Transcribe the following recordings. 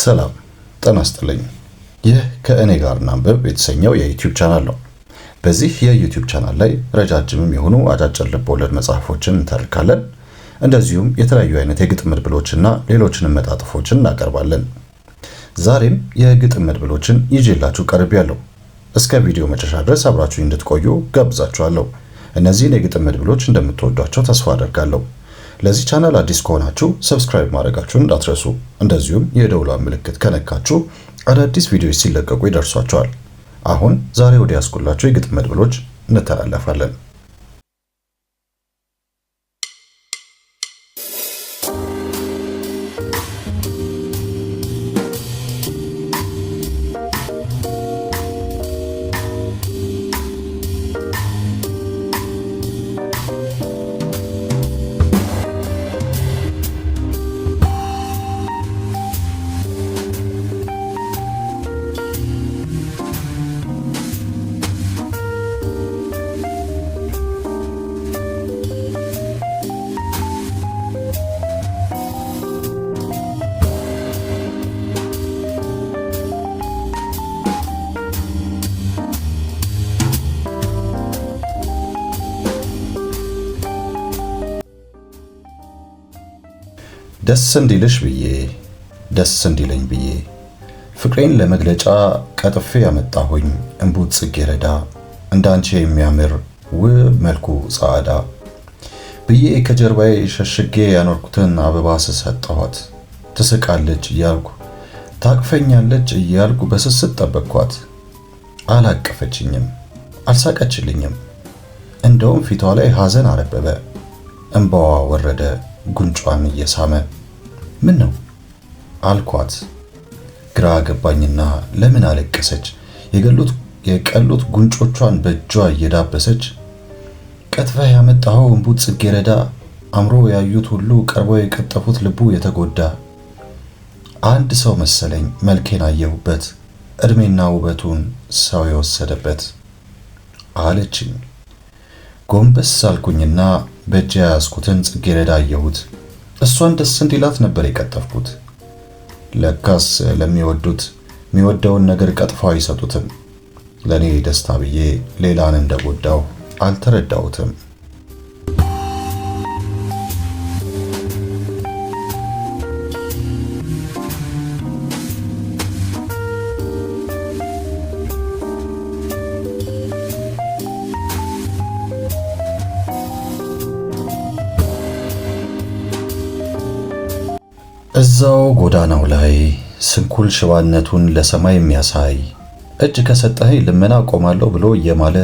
ሰላም ጤና ይስጥልኝ። ይህ ከእኔ ጋር እናንብብ የተሰኘው የዩቲዩብ ቻናል ነው። በዚህ የዩቲዩብ ቻናል ላይ ረጃጅምም የሆኑ አጫጭር ልብወለድ መጽሐፎችን እንተርካለን። እንደዚሁም የተለያዩ አይነት የግጥም መድብሎችና ሌሎችንም መጣጥፎችን እናቀርባለን። ዛሬም የግጥም መድብሎችን ይዤላችሁ ቀርቤያለሁ። እስከ ቪዲዮ መጨረሻ ድረስ አብራችሁ እንድትቆዩ ጋብዛችኋለሁ። እነዚህን የግጥም መድብሎች እንደምትወዷቸው ተስፋ አደርጋለሁ። ለዚህ ቻናል አዲስ ከሆናችሁ ሰብስክራይብ ማድረጋችሁን እንዳትረሱ። እንደዚሁም የደውሏን ምልክት ከነካችሁ አዳዲስ ቪዲዮዎች ሲለቀቁ ይደርሷቸዋል። አሁን ዛሬ ወደ ያስኩላችሁ የግጥም መድብሎች እንተላለፋለን። ደስ እንዲልሽ ብዬ ደስ እንዲለኝ ብዬ ፍቅሬን ለመግለጫ ቀጥፌ ያመጣሁኝ እንቡት ጽጌረዳ እንዳንቺ የሚያምር ውብ መልኩ ጻዕዳ ብዬ ከጀርባዬ ሸሽጌ ያኖርኩትን አበባ ስሰጠኋት ትስቃለች እያልኩ ታቅፈኛለች እያልኩ በስስት ጠበቅኳት። አላቀፈችኝም፣ አልሳቀችልኝም። እንደውም ፊቷ ላይ ሐዘን አረበበ፣ እምባዋ ወረደ። ጉንጯን እየሳመ ምን ነው አልኳት። ግራ ገባኝና ለምን አለቀሰች? የቀሎት ጉንጮቿን በእጇ እየዳበሰች ቀጥፈህ ያመጣኸው እምቡጥ ጽጌረዳ አምሮ ያዩት ሁሉ ቀርበው የቀጠፉት ልቡ የተጎዳ አንድ ሰው መሰለኝ መልኬን አየሁበት እድሜና ውበቱን ሰው የወሰደበት አለችኝ። ጎንበስ አልኩኝና በእጅ ያያዝኩትን ጽጌረዳ አየሁት። እሷን ደስ እንዲላት ነበር የቀጠፍኩት። ለካስ ለሚወዱት የሚወደውን ነገር ቀጥፈው አይሰጡትም። ለእኔ ደስታ ብዬ ሌላን እንደጎዳው አልተረዳሁትም። እዛው ጎዳናው ላይ ስንኩል ሽባነቱን ለሰማይ የሚያሳይ እጅ ከሰጠኸኝ ልመና ቆማለሁ ብሎ እየማለ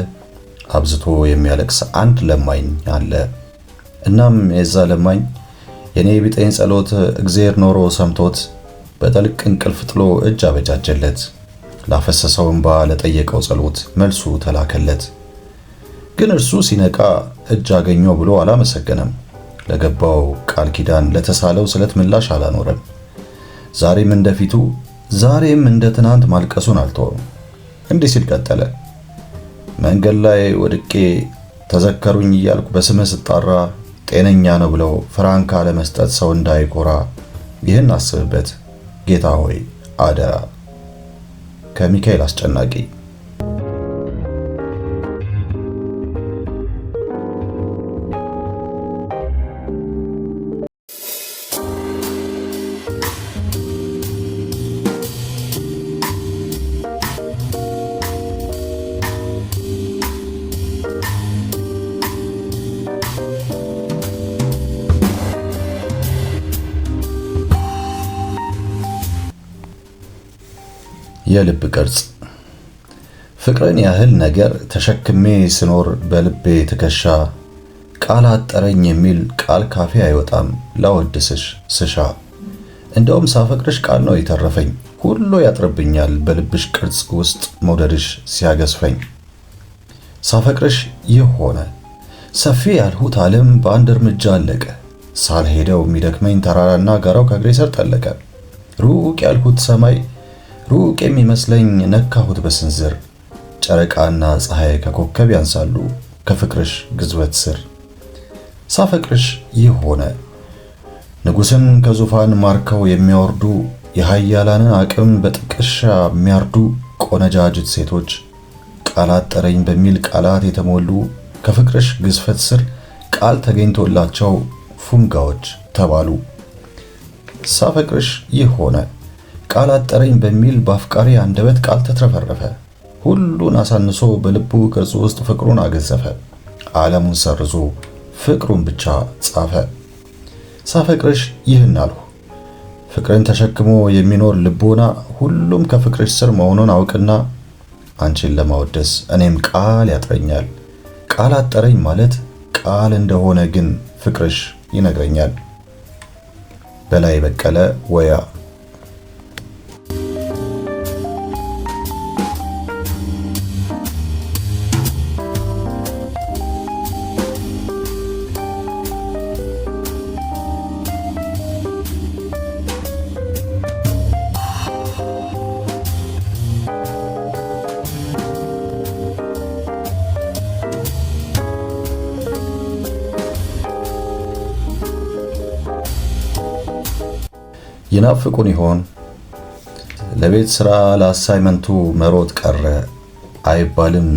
አብዝቶ የሚያለቅስ አንድ ለማኝ አለ። እናም የዛ ለማኝ የኔ ቢጤን ጸሎት እግዚአብሔር ኖሮ ሰምቶት በጠልቅ እንቅልፍ ጥሎ እጅ አበጃጀለት። ላፈሰሰው እንባ ለጠየቀው ጸሎት መልሱ ተላከለት። ግን እርሱ ሲነቃ እጅ አገኘው ብሎ አላመሰገነም። ለገባው ቃል ኪዳን ለተሳለው ስለት ምላሽ አላኖረም። ዛሬም እንደፊቱ ዛሬም እንደ ትናንት ማልቀሱን አልተወም። እንዲህ ሲል ቀጠለ። መንገድ ላይ ወድቄ ተዘከሩኝ እያልኩ በስምህ ስጣራ ጤነኛ ነው ብለው ፍራንካ ለመስጠት ሰው እንዳይኮራ ይህን አስብበት ጌታ ሆይ አደራ። ከሚካኤል አስጨናቂ የልብ ቅርጽ ፍቅርን ያህል ነገር ተሸክሜ ስኖር በልቤ ትከሻ ቃል አጠረኝ የሚል ቃል ካፌ አይወጣም ላወድስሽ ስሻ እንደውም ሳፈቅርሽ ቃል ነው የተረፈኝ ሁሉ ያጥርብኛል በልብሽ ቅርጽ ውስጥ መውደድሽ ሲያገዝፈኝ ሳፈቅርሽ ይህ ሆነ ሰፊ ያልሁት ዓለም በአንድ እርምጃ አለቀ ሳልሄደው የሚደክመኝ ተራራና ጋራው ከእግሬ ስር ጠለቀ ሩቅ ያልሁት ሰማይ ሩቅ የሚመስለኝ ነካሁት በስንዝር ጨረቃና ፀሐይ ከኮከብ ያንሳሉ ከፍቅርሽ ግዝበት ስር ሳፈቅርሽ ይህ ሆነ ንጉሥን ከዙፋን ማርከው የሚያወርዱ የሃያላንን አቅም በጥቅሻ የሚያርዱ ቆነጃጅት ሴቶች ቃላት ጠረኝ በሚል ቃላት የተሞሉ ከፍቅርሽ ግዝፈት ስር ቃል ተገኝቶላቸው ፉንጋዎች ተባሉ። ሳፈቅርሽ ይህ ሆነ። ቃል አጠረኝ በሚል በአፍቃሪ አንደበት ቃል ተትረፈረፈ። ሁሉን አሳንሶ በልቡ ቅርጽ ውስጥ ፍቅሩን አገዘፈ። ዓለሙን ሰርዞ ፍቅሩን ብቻ ጻፈ። ሳፈቅርሽ ይህን አልሁ። ፍቅርን ተሸክሞ የሚኖር ልቦና ሁሉም ከፍቅርሽ ስር መሆኑን አውቅና አንቺን ለማወደስ እኔም ቃል ያጥረኛል። ቃል አጠረኝ ማለት ቃል እንደሆነ ግን ፍቅርሽ ይነግረኛል። በላይ በቀለ ወያ ይናፍቁን ይሆን? ለቤት ሥራ ለአሳይመንቱ መሮጥ ቀረ አይባልም።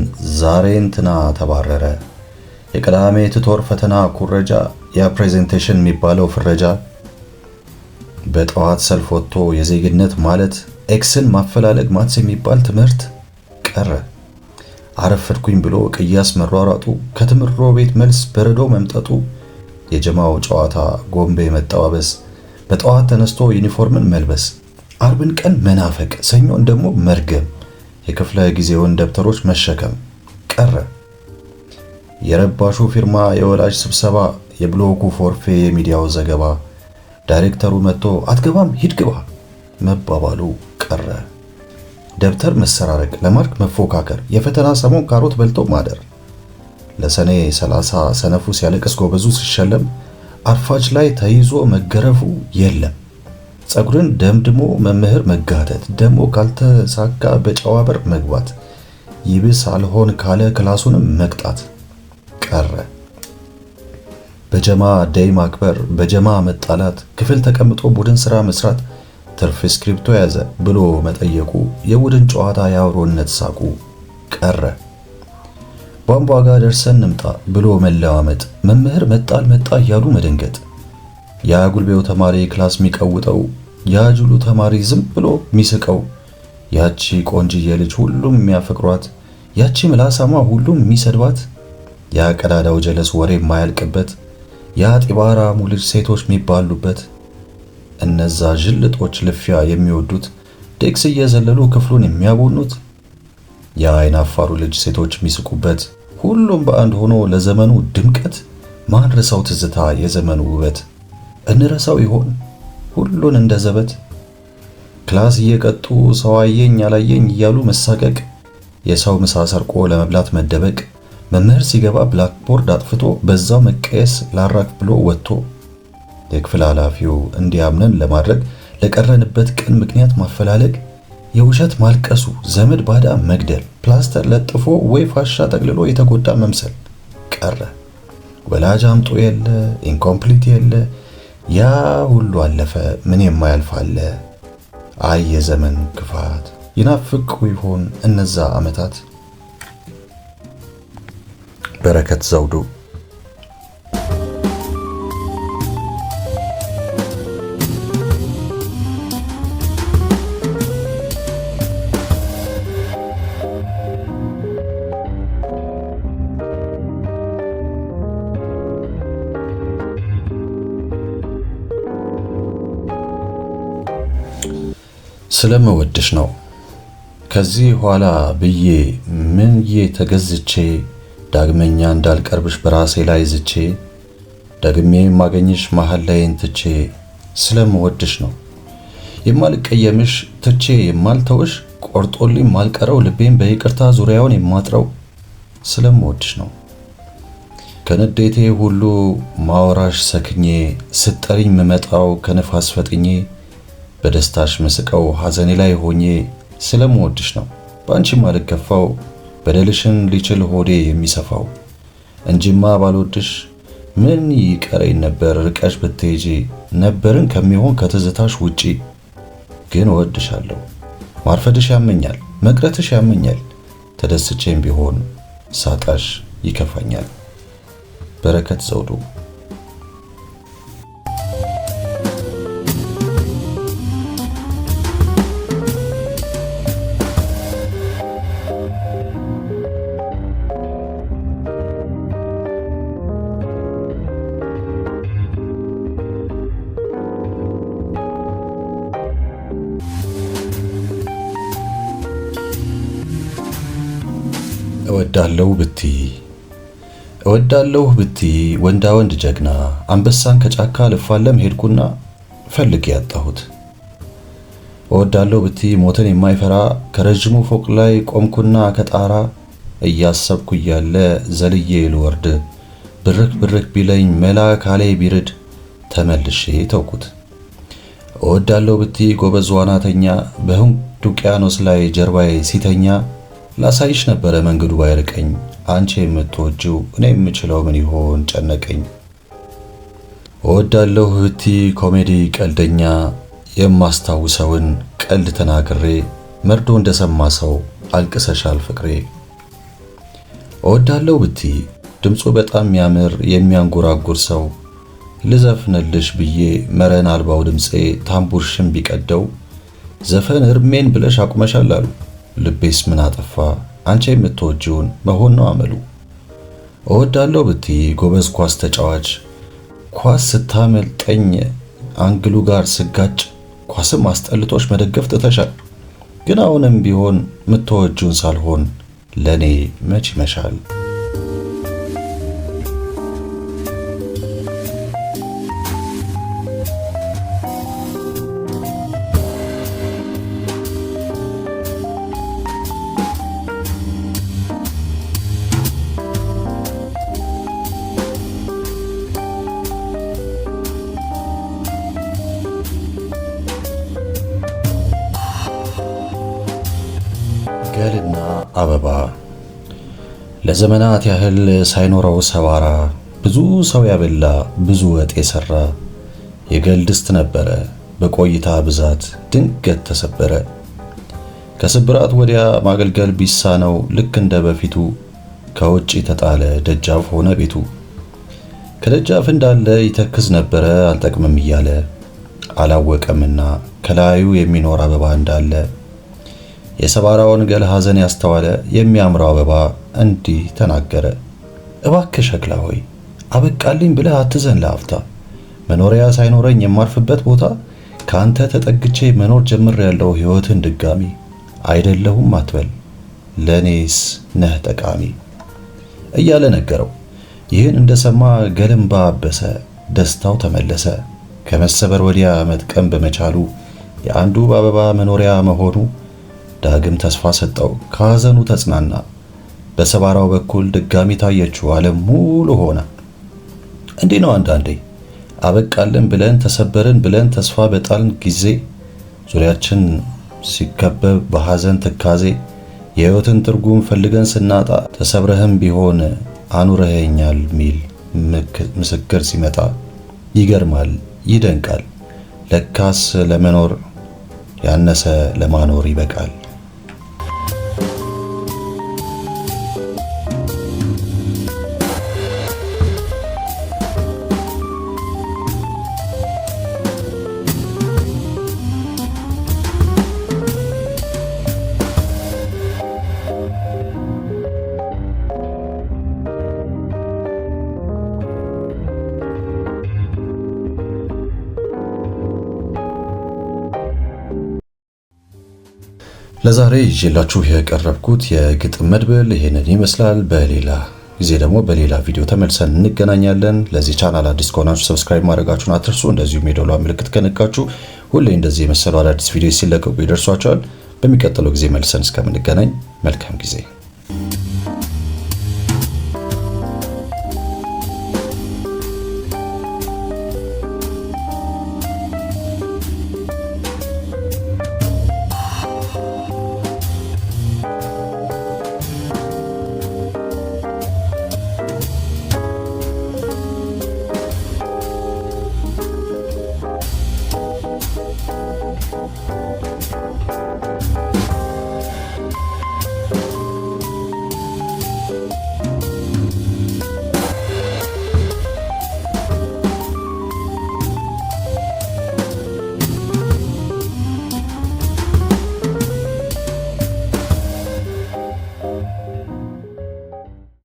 ዛሬ እንትና ተባረረ፣ የቅዳሜ ትቶር ፈተና ኩረጃ፣ ያ ፕሬዘንቴሽን የሚባለው ፍረጃ። በጠዋት ሰልፍ ወጥቶ የዜግነት ማለት ኤክስን ማፈላለግ ማትስ የሚባል ትምህርት ቀረ። አረፈድኩኝ ብሎ ቅያስ መሯሯጡ፣ ከትምሮ ቤት መልስ በረዶ መምጠጡ፣ የጀማው ጨዋታ ጎንቤ መጠባበስ በጠዋት ተነስቶ ዩኒፎርምን መልበስ፣ አርብን ቀን መናፈቅ፣ ሰኞን ደግሞ መርገም፣ የክፍለ ጊዜውን ደብተሮች መሸከም ቀረ። የረባሹ ፊርማ፣ የወላጅ ስብሰባ፣ የብሎኩ ፎርፌ፣ የሚዲያው ዘገባ፣ ዳይሬክተሩ መጥቶ አትገባም ሂድ ግባ መባባሉ ቀረ። ደብተር መሰራረቅ፣ ለማርክ መፎካከር፣ የፈተና ሰሞን ካሮት በልቶ ማደር። ለሰኔ 30 ሰነፉ ሲያለቅስ ጎበዙ ሲሸለም አርፋጅ ላይ ተይዞ መገረፉ የለም። ጸጉርን ደምድሞ መምህር መጋተት፣ ደሞ ካልተሳካ በጨዋ በር መግባት፣ ይብስ አልሆን ካለ ክላሱንም መቅጣት ቀረ። በጀማ ደይ ማክበር፣ በጀማ መጣላት፣ ክፍል ተቀምጦ ቡድን ስራ መስራት፣ ትርፍ ስክሪፕቶ ያዘ ብሎ መጠየቁ፣ የቡድን ጨዋታ፣ የአብሮነት ሳቁ ቀረ። ቧንቧ ጋር ደርሰን እንምጣ ብሎ መለማመጥ፣ መምህር መጣ አልመጣ እያሉ መደንገጥ። ያ ጉልቤው ተማሪ ክላስ የሚቀውጠው፣ ያ ጅሉ ተማሪ ዝም ብሎ የሚስቀው፣ ያቺ ቆንጅዬ ልጅ ሁሉም የሚያፈቅሯት፣ ያቺ ምላሳማ ሁሉም የሚሰድባት፣ ያ ቀዳዳው ጀለስ ወሬ የማያልቅበት፣ ያ ጢባራ ሙልጅ ሴቶች የሚባሉበት እነዛ ዥልጦች ልፊያ የሚወዱት ዴክስ እየዘለሉ ክፍሉን የሚያቦኑት የአይን አፋሩ ልጅ ሴቶች የሚስቁበት ሁሉም በአንድ ሆኖ ለዘመኑ ድምቀት ማንረሳው ትዝታ የዘመኑ ውበት እንረሳው ይሆን ሁሉን እንደ ዘበት ክላስ እየቀጡ ሰው አየኝ አላየኝ እያሉ መሳቀቅ የሰው ምሳ ሰርቆ ለመብላት መደበቅ መምህር ሲገባ ብላክቦርድ አጥፍቶ በዛው መቀየስ ላራክ ብሎ ወጥቶ የክፍል ኃላፊው እንዲያምነን ለማድረግ ለቀረንበት ቀን ምክንያት ማፈላለግ የውሸት ማልቀሱ፣ ዘመድ ባዳ መግደል፣ ፕላስተር ለጥፎ ወይ ፋሻ ጠቅልሎ የተጎዳ መምሰል ቀረ። ወላጅ አምጦ የለ ኢንኮምፕሊት የለ ያ ሁሉ አለፈ። ምን የማያልፍ አለ? አይ የዘመን ክፋት! ይናፍቁ ይሆን እነዛ ዓመታት? በረከት ዘውዱ ስለምወድሽ ነው። ከዚህ ኋላ ብዬ ምንዬ ተገዝቼ ዳግመኛ እንዳልቀርብሽ በራሴ ላይ ዝቼ ደግሜ የማገኝሽ መሀል ላይን ትቼ ስለምወድሽ ነው የማልቀየምሽ ትቼ የማልተውሽ ቆርጦልኝ ማልቀረው ልቤን በይቅርታ ዙሪያውን የማጥረው ስለምወድሽ ነው። ከንዴቴ ሁሉ ማወራሽ ሰክኜ ስጠሪኝ ምመጣው ከንፋስ ፈጥኜ በደስታሽ መስቀው ሐዘኔ ላይ ሆኜ ስለምወድሽ ነው በአንቺም አልከፋው በደልሽን ሊችል ሆዴ የሚሰፋው እንጂማ ባልወድሽ ምን ይቀረኝ ነበር ርቀሽ ብትሄጂ ነበርን ከሚሆን ከትዝታሽ ውጪ ግን እወድሻለሁ ማርፈድሽ ያመኛል መቅረትሽ ያመኛል ተደስቼም ቢሆን ሳጣሽ ይከፋኛል በረከት ዘውዱ እወዳለሁ ብትይ እወዳለሁ ብትይ ወንዳ ወንድ ጀግና አንበሳን ከጫካ ልፋለም ሄድኩና ፈልጌ ያጣሁት። እወዳለሁ ብትይ ሞትን የማይፈራ ከረዥሙ ፎቅ ላይ ቆምኩና ከጣራ እያሰብኩ እያለ ዘልዬ ልወርድ ብርክ ብርክ ቢለኝ መላ ካሌ ቢርድ ተመልሼ ተውኩት። እወዳለሁ ብትይ ጎበዝ ዋናተኛ በህንድ ውቅያኖስ ላይ ጀርባዬ ሲተኛ ላሳይሽ ነበረ መንገዱ ባይርቀኝ አንቺ የምትወጂው እኔ የምችለው ምን ይሆን ጨነቀኝ። እወዳለሁ እህቲ ኮሜዲ ቀልደኛ የማስታውሰውን ቀልድ ተናግሬ መርዶ እንደሰማ ሰው አልቅሰሻል ፍቅሬ። እወዳለሁ ብቲ ድምፁ በጣም የሚያምር የሚያንጎራጉር ሰው ልዘፍንልሽ ብዬ መረን አልባው ድምፄ ታምቡርሽን ቢቀደው ዘፈን እርሜን ብለሽ አቁመሻል አሉ። ልቤስ ምን አጠፋ አንቺ የምትወጂውን መሆን ነው አመሉ። እወዳለሁ ብቲ ጎበዝ ኳስ ተጫዋች ኳስ ስታመልጠኝ አንግሉ ጋር ስጋጭ ኳስም አስጠልቶች መደገፍ ትተሻል። ግን አሁንም ቢሆን የምትወጂውን ሳልሆን ለእኔ መች ይመሻል? አበባ ለዘመናት ያህል ሳይኖረው ሰባራ ብዙ ሰው ያበላ ብዙ ወጥ የሰራ የገል ድስት ነበረ። በቆይታ ብዛት ድንገት ተሰበረ። ከስብራት ወዲያ ማገልገል ቢሳ ነው ልክ እንደ በፊቱ ከውጭ ተጣለ ደጃፍ ሆነ ቤቱ። ከደጃፍ እንዳለ ይተክዝ ነበረ አልጠቅምም እያለ አላወቀምና ከላዩ የሚኖር አበባ እንዳለ የሰባራ ወንጌል ሐዘን ያስተዋለ የሚያምረው አበባ እንዲህ ተናገረ። እባክህ ሸክላ ሆይ አበቃልኝ ብለህ አትዘን። ለአፍታ መኖሪያ ሳይኖረኝ የማርፍበት ቦታ ከአንተ ተጠግቼ መኖር ጀምር ያለው ሕይወትን ድጋሚ አይደለሁም አትበል ለእኔስ ነህ ጠቃሚ እያለ ነገረው። ይህን እንደሰማ ገለም ባበሰ ደስታው ተመለሰ። ከመሰበር ወዲያ መጥቀም በመቻሉ የአንዱ በአበባ መኖሪያ መሆኑ ዳግም ተስፋ ሰጠው፣ ከሐዘኑ ተጽናና። በሰባራው በኩል ድጋሚ ታየችው፣ ዓለም ሙሉ ሆነ። እንዲህ ነው አንዳንዴ አበቃለን ብለን ተሰበርን ብለን ተስፋ በጣልን ጊዜ ዙሪያችን ሲከበብ በሐዘን ትካዜ የሕይወትን ትርጉም ፈልገን ስናጣ ተሰብረህም ቢሆን አኑረኸኛል ሚል ምስክር ሲመጣ ይገርማል፣ ይደንቃል። ለካስ ለመኖር ያነሰ ለማኖር ይበቃል። ለዛሬ ይዤላችሁ የቀረብኩት የግጥም መድብል ይሄንን ይመስላል። በሌላ ጊዜ ደግሞ በሌላ ቪዲዮ ተመልሰን እንገናኛለን። ለዚህ ቻናል አዲስ ከሆናችሁ ሰብስክራይብ ማድረጋችሁን አትርሱ። እንደዚሁም የደወሏ ምልክት ከነካችሁ ሁሌ እንደዚህ የመሰሉ አዳዲስ ቪዲዮ ሲለቀቁ ይደርሷቸዋል። በሚቀጥለው ጊዜ መልሰን እስከምንገናኝ መልካም ጊዜ